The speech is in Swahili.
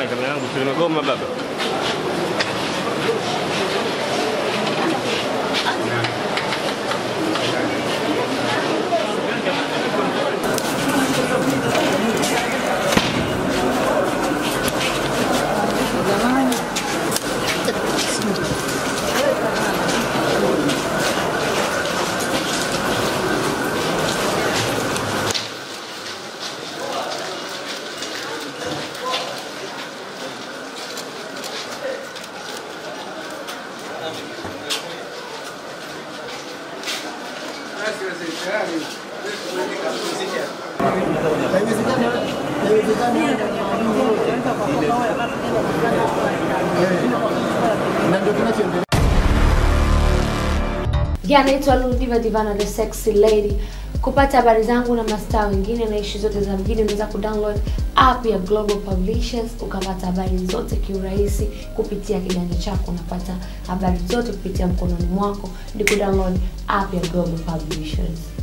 anche perché non una gomma, vabbè. Hay v i s i t a c t e s hay visitantes. Pia naitwa Ludiva Divana the Sexy Lady. Kupata habari zangu na mastaa wengine na ishi zote za mjini, unaweza kudownload app ya Global Publishers ukapata habari zote kiurahisi kupitia kiganja chako. Unapata habari zote kupitia mkononi mwako, ni kudownload app ya Global Publishers.